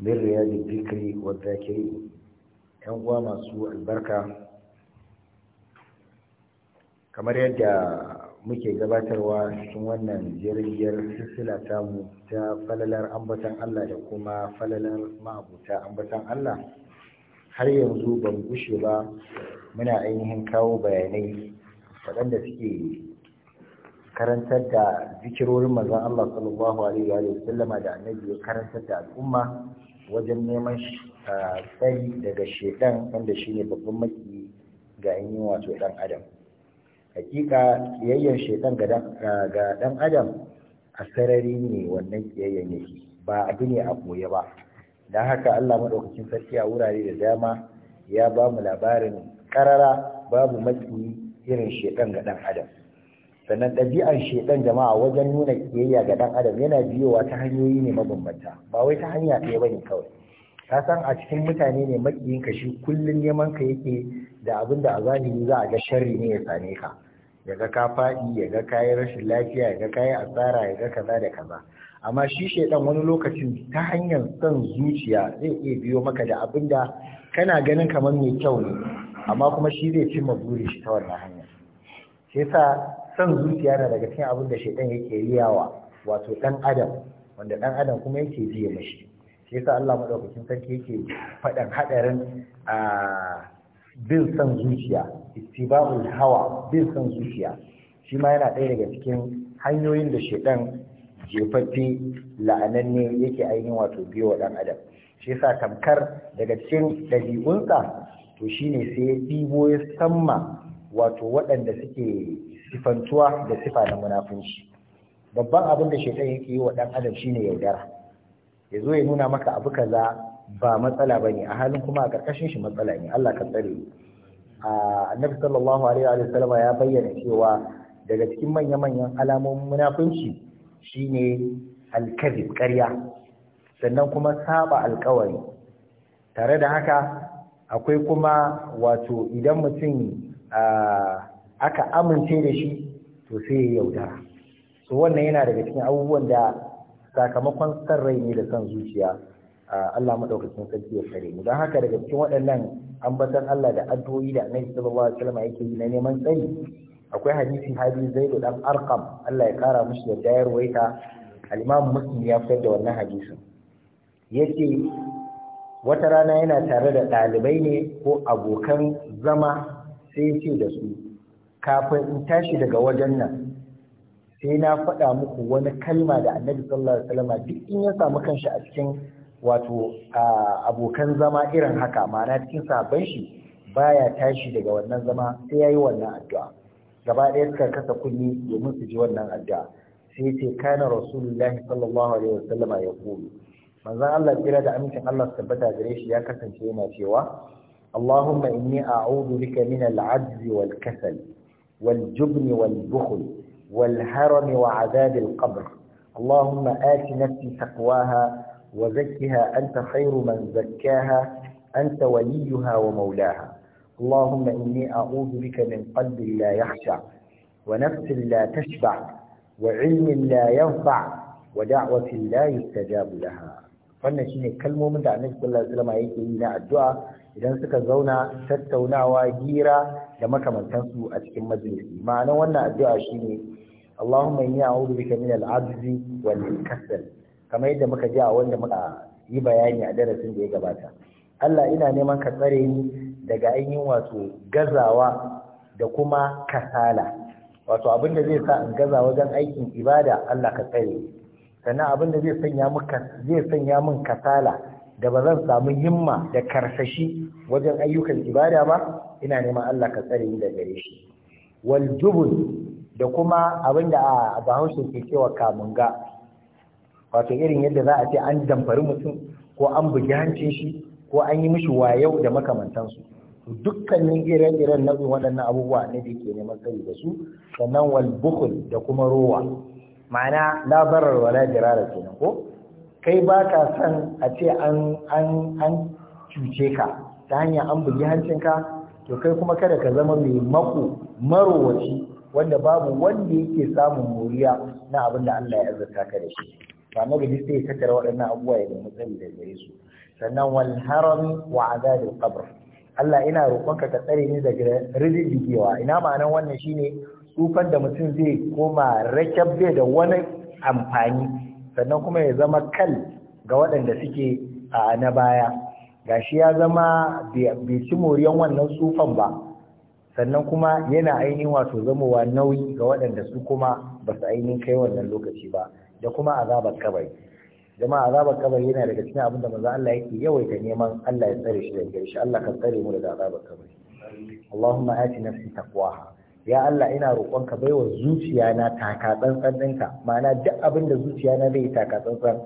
min riyadi dhikri wa dhakirin yan uwa masu albarka kamar yadda muke gabatarwa cikin wannan jirgiyar silsila tamu ta falalar ambatan Allah da kuma falalar ma'abuta ambatan Allah har yanzu ban gushe ba muna ainihin kawo bayanai waɗanda suke karantar da zikirorin manzon Allah sallallahu alaihi wa sallama da annabi ya karantar da al'umma wajen neman tsari daga shekan wanda shi ne babban maki ga yi wato ɗan adam hakika kiyayyar shekan ga ɗan adam a sarari ne wannan kiyayyar ne, ba abu ne a koya ba don haka Allah maɗaukacin sarki a wurare da dama ya ba mu labarin ƙarara babu maki irin shekan ga ɗan adam sannan ɗabi'ar shaidan jama'a wajen nuna kiyayya ga ɗan adam yana biyowa ta hanyoyi ne mabambanta ba wai ta hanya ɗaya ne kawai ka san a cikin mutane ne makiyin ka shi kullun neman ka yake da abin da a zahiri za a ga sharri ne ya same ka ya ga ka faɗi ya ga yi rashin lafiya ya ga yi asara ya ga kaza da kaza amma shi shaidan wani lokacin ta hanyar son zuciya zai iya biyo maka da abin da kana ganin kamar mai kyau ne amma kuma shi zai cimma burin shi ta wannan hanya sai sa san zuciya na daga cikin abin da shaitan yake riyawa wato ɗan adam wanda ɗan adam kuma yake jiye mashi shi yasa Allah madaukakin sarki yake faɗan hadarin a bin san zuciya ittiba'ul hawa bin san zuciya shi ma yana ɗaya daga cikin hanyoyin da shaitan jefaffe la'ananne yake ainihin wato biyo wa dan adam shi yasa tamkar daga cikin ɗabi'unsa to shine sai ya ɗibo ya samma wato waɗanda suke sifantuwa da sifa na munafunci babban abin da shaitan yake yi wa ɗan adam shine yaudara ya zo ya nuna maka abu kaza ba matsala ba ne a halin kuma a ƙarƙashin shi matsala ne Allah ka tsare annabi sallallahu alaihi wa sallama ya bayyana cewa daga cikin manya-manyan alamomin munafunci shine alkazib ƙarya sannan kuma saba alkawari tare da haka akwai kuma wato idan mutum aka amince da shi to sai ya yaudara so wannan yana daga cikin abubuwan da sakamakon san rai ne da san zuciya Allah madaukakin sarki ya kare mu don haka daga cikin waɗannan ambatan Allah da addu'o'i da Annabi sallallahu alaihi wasallam yake yi na neman tsari akwai hadisi hadi Zaidu dan Arqam Allah ya kara mushi da dayar waita al-Imam Muslim ya fitar da wannan hadisin yace wata rana yana tare da ɗalibai ne ko abokan zama sai ce da su kafin in tashi daga wajen nan sai na faɗa muku wani kalma da annabi sallallahu alaihi wasallam duk in ya samu kanshi a cikin wato abokan zama irin haka ma'ana cikin sabon shi baya tashi daga wannan zama sai yayi wannan addu'a gaba ɗaya suka kasa kunni domin su ji wannan addu'a sai ce kana rasulullahi sallallahu alaihi wasallama ya kuma manzon Allah kira da amincin Allah tabbata gare shi ya kasance yana cewa اللهم إني أعوذ بك من العجز والكسل والجبن والبخل والهرم وعذاب القبر اللهم آت نفسي تقواها وزكها أنت خير من زكاها أنت وليها ومولاها اللهم إني أعوذ بك من قلب لا يخشع ونفس لا تشبع وعلم لا ينفع ودعوة لا يستجاب لها wannan shine kalmomin da annabi sallallahu alaihi wasallam yake yi na addu'a idan suka zauna tattaunawa gira da makamantansu a cikin majalisi ma'anar wannan addu'a shine Allahumma inni a'udhu bika min al-'ajzi wal kasal kamar yadda muka ji a wanda muka yi bayani a darasin da ya gabata Allah ina neman ka tsare ni daga ainihin wato gazawa da kuma kasala wato abin da zai sa in gaza wajen aikin ibada Allah ka tsare sannan abin da zai sanya zai sanya min kasala da ba zan samu himma da karsashi wajen ayyukan ibada ba ina neman Allah ka tsare ni da gare shi wal jubun da kuma abin da a bahaushe ke cewa kamunga wato irin yadda za a ce an damfari mutum ko an bugi hancin shi ko an yi mishi wayau da makamantansu dukkanin ire-iren nau'in waɗannan abubuwa ne da ke neman tsari da su sannan wal bukul da kuma rowa ma'ana la darar wala dirara kenan ko kai ba ka san a ce an an an cuce ka ta hanyar an bugi hancinka to kai kuma kada ka zama mai mako marowaci wanda babu wanda yake samun moriya na abin da Allah ya azurta ka da shi ba na gaji sai tattara waɗannan abubuwa ya nemi tsari da gare su sannan wal harami wa azabil qabr Allah ina roƙonka ka tsare ni daga rijigewa ina ma'anar wannan shine tsufan da mutum zai koma rakyar bai da wani amfani sannan kuma ya zama kal ga waɗanda suke a na baya Ga shi ya zama bai ci moriyan wannan tsufan ba sannan kuma yana ainihin wato zamowa nauyi ga waɗanda su kuma ba su ainihin kai wannan lokaci ba da kuma azabar kabari jama'a azabar kabari yana daga cikin abin da manzo Allah yake yawaita neman Allah ya tsare shi daga shi Allah ka tsare mu daga azabar kabari Allahumma ati nafsi taqwaha ya Allah ina roƙonka baiwa zuciya na taka tsantsan ɗinka ma'ana duk abin da zuciya na zai taka tsantsan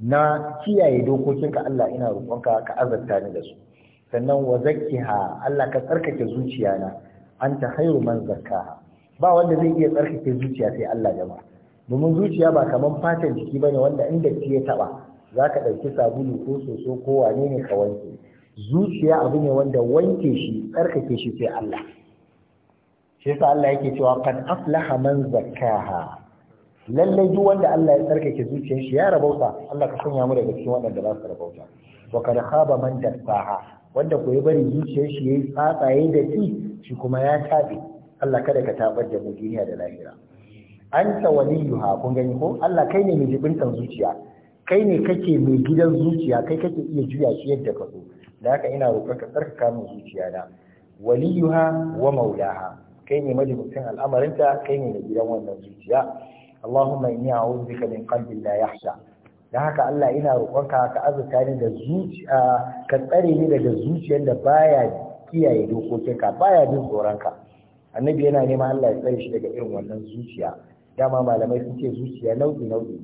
na kiyaye dokokinka Allah ina roƙonka ka azabta ni da su sannan wa zakkiha Allah ka tsarkake zuciya na anta khairu man zakkaha ba wanda zai iya tsarkake zuciya sai Allah jama. domin zuciya ba kaman fatan jiki bane wanda inda ki ya taba zaka dauki sabulu ko soso ko wane ne ka wanke zuciya abu ne wanda wanke shi tsarkake shi sai Allah shi yasa Allah yake cewa qad aflaha man zakkaha lallai duk wanda Allah ya tsarkake zuciyar shi ya rabauta Allah ka sanya mu daga cikin wadanda za su rabauta wa kad khaba man dassaha wanda ko ya bari zuciyar shi yayi tsatsaye da shi shi kuma ya tabe Allah kada ka tabar da duniya da lahira anta waliyuha kun gani ko Allah kai ne mai jibintan zuciya kai ne kake mai gidan zuciya kai kake iya juya shi yadda ka so da haka ina roƙar ka tsarkaka min zuciya na waliyuha wa maulaha kai ne majibincin al'amarinta kai ne da gidan wannan zuciya Allahumma inni a'udhu bika min qalbin la yahsha da haka Allah ina roƙonka ka azurta ni da zuciya ka tsare ni daga zuciyar da baya kiyaye dokokinka baya bin tsoronka annabi yana neman Allah ya tsare shi daga irin wannan zuciya dama malamai sun ce zuciya nau'i nau'i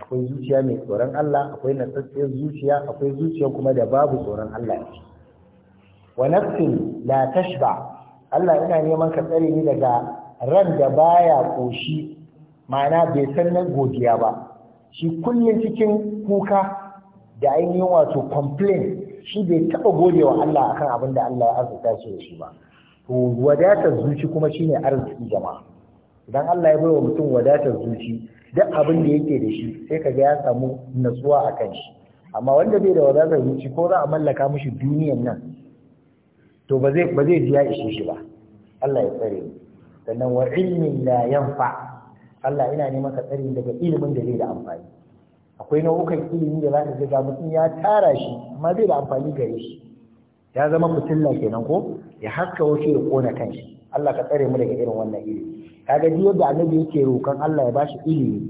akwai zuciya mai tsoron Allah akwai natsatsiyar zuciya akwai zuciya kuma da babu tsoron Allah wa nafsin la tashba Allah ina neman ka tsare ni daga ran da baya koshi ma'ana bai san na godiya ba shi kullum cikin kuka da ainihin wato complain shi bai taɓa gode wa Allah akan abin da Allah ya arzuta shi da shi ba to wadatar zuci kuma shine arziki jama'a idan Allah ya bai wa mutum wadatar zuci duk abin da yake da shi sai ka ga ya samu natsuwa akan shi amma wanda bai da wadatar zuci ko za a mallaka mishi duniyan nan to ba zai ba zai ji ya ishe shi ba Allah ya tsare mu sannan wa ilmin la yanfa Allah ina neman ka tsari daga ilimin da zai da amfani akwai nau'ukan ilimi da zaka ga mutum ya tara shi amma zai da amfani gare shi ya zama fitilla kenan ko ya haska wuce ya kona kanshi Allah ka tsare mu daga irin wannan ilimi kaga duk yadda annabi yake roƙon Allah ya bashi ilimi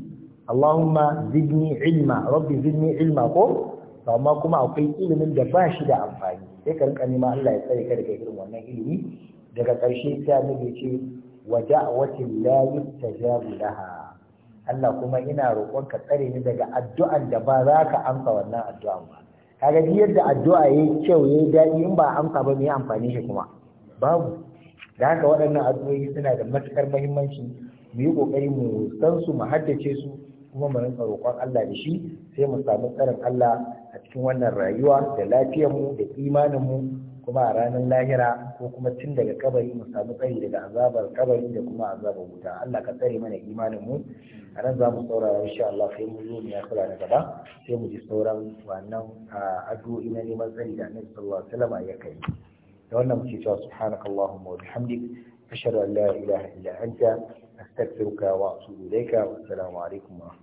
Allahumma zidni ilma rabbi zidni ilma ko amma kuma akwai ilimin da ba shi da amfani sai ka rinka nema Allah ya tsare ka daga irin wannan ilimi daga ƙarshe sai annabi ce wa da'watin la yustajabu laha Allah kuma ina roƙon ka tsare ni daga addu'an da ba za ka amsa wannan addu'an ba kaga duk yadda addu'a yayi kyau yayi daɗi in ba amsa ba mu yi amfani shi kuma babu da haka waɗannan addu'o'i suna da matukar muhimmanci mu yi ƙoƙari mu san su mu haddace su kuma mu rinka roƙon Allah da shi sai mu samu tsarin Allah a cikin wannan rayuwa da lafiyarmu da imaninmu kuma a ranar lahira ko kuma tun daga kabari mu samu tsari daga azabar kabari da kuma azabar wuta Allah ka tsare mana imaninmu a nan za mu saurara insha Allah sai mu zo ya kula na gaba sai mu ji sauran wannan addu'o'i na neman tsari da Annabi sallallahu alaihi wasallam ya kai da wannan muke cewa subhanakallahumma wa bihamdik ashhadu an la ilaha illa anta astaghfiruka wa atubu ilayka wa assalamu alaikum